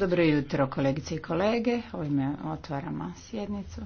Dobro jutro kolegice i kolege. Ovime otvaramo sjednicu.